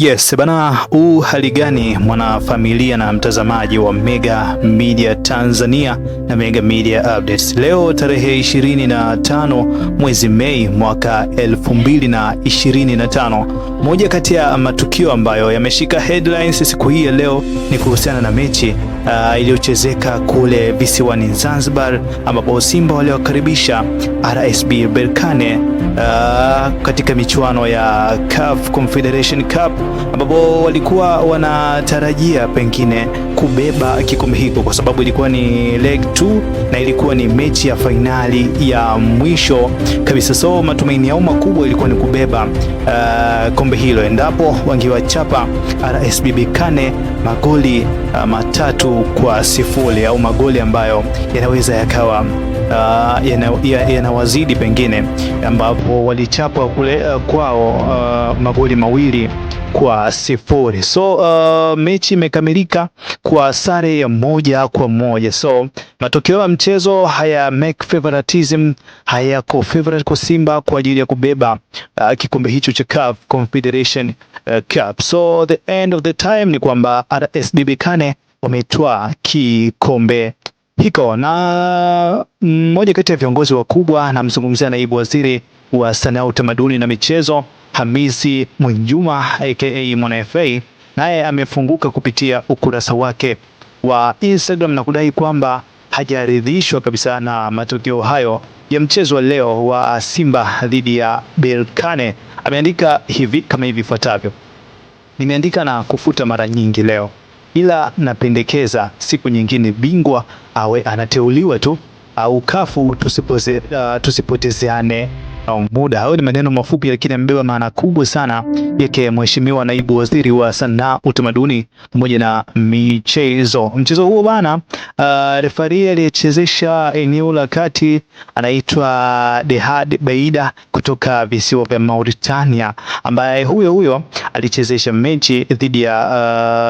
Yes, bana, huu hali gani mwanafamilia na mtazamaji wa Mega Media Tanzania na Mega Media Updates. Leo tarehe 25 mwezi Mei mwaka 2025. Moja kati ya matukio ambayo yameshika headlines siku hii ya leo ni kuhusiana na mechi uh, iliyochezeka kule visiwani Zanzibar ambapo Simba waliokaribisha RSB Berkane uh, katika michuano ya CAF Confederation Cup ambapo walikuwa wanatarajia pengine kubeba kikombe hiko, kwa sababu ilikuwa ni leg 2 na ilikuwa ni mechi ya fainali ya mwisho kabisa. So matumaini yao makubwa ilikuwa ni kubeba uh, kombe hilo endapo wangewachapa RS Berkane magoli uh, matatu kwa sifuri au magoli ambayo yanaweza yakawa Uh, yanawazidi yana pengine ambapo walichapwa kule uh, kwao uh, magoli mawili kwa sifuri. So uh, mechi imekamilika kwa sare ya moja kwa moja. So matokeo ya mchezo haya make favoritism hayako favorite kwa Simba kwa ajili ya kubeba uh, kikombe hicho cha CAF Confederation uh, Cup. So the end of the time ni kwamba RSB Berkane wametwaa kikombe hiko na mmoja mm, kati ya viongozi wakubwa, namzungumzia naibu waziri wa sanaa, utamaduni na michezo Hamisi Mwinjuma aka mwanafe naye amefunguka kupitia ukurasa wake wa Instagram na kudai kwamba hajaridhishwa kabisa na matokeo hayo ya mchezo wa leo wa Simba dhidi ya Berkane. Ameandika hivi kama hivi ifuatavyo: nimeandika na kufuta mara nyingi leo, ila napendekeza siku nyingine bingwa awe anateuliwa tu au kafu, uh, tusipotezeane muda. Hayo ni maneno mafupi lakini yamebeba maana kubwa sana yake Mheshimiwa Naibu Waziri wa Sanaa, Utamaduni pamoja na Michezo. Mchezo huo bana, uh, refari aliyechezesha eneo la kati anaitwa Dehad Beida kutoka visiwa vya Mauritania, ambaye huyo huyo alichezesha mechi dhidi ya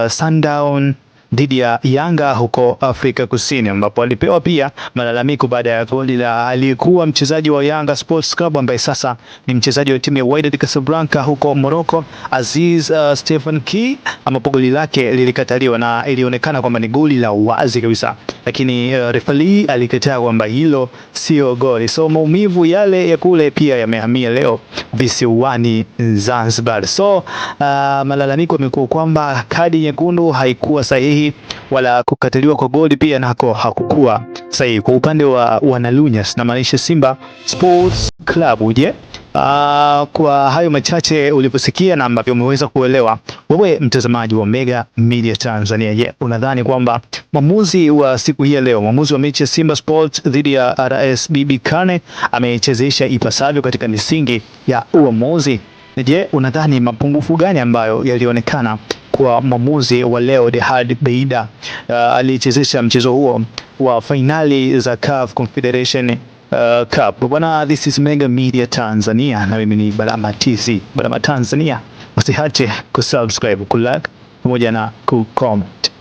uh, Sundown dhidi ya Yanga huko Afrika Kusini, ambapo alipewa pia malalamiko baada ya goli la aliyekuwa mchezaji wa Yanga Sports Club ambaye sasa ni mchezaji wa timu ya Wydad Casablanca huko Morocco, Aziz uh, Stephen Key, ambapo goli lake lilikataliwa na ilionekana kwamba ni goli la wazi kabisa, lakini uh, refali alikataa kwamba hilo sio goli. So maumivu yale ya kule pia yamehamia leo visiwani Zanzibar. So uh, malalamiko yamekuwa kwamba kadi nyekundu haikuwa sahihi sahihi, wala kukataliwa kwa goli pia nako hakukuwa sahihi. Kwa upande wa Wanalunyas, namaanisha Simba Sports Club. Je, Uh, kwa hayo machache uliposikia na ambavyo umeweza kuelewa wewe mtazamaji wa Mega Media Tanzania, je, yeah, unadhani kwamba mwamuzi wa siku hii ya leo, mwamuzi wa mechi ya Simba Sports dhidi ya RS BB Kane amechezesha ipasavyo katika misingi ya uamuzi? Je, unadhani mapungufu gani ambayo yalionekana kwa mwamuzi wa leo Dehad Beida. Uh, alichezesha mchezo huo wa fainali za CAF Confederation Uh, cup. Bwana, this is Mega Media Tanzania na mimi ni Balama TZ. Balama Tanzania, usiache kusubscribe, kulike pamoja na kucomment.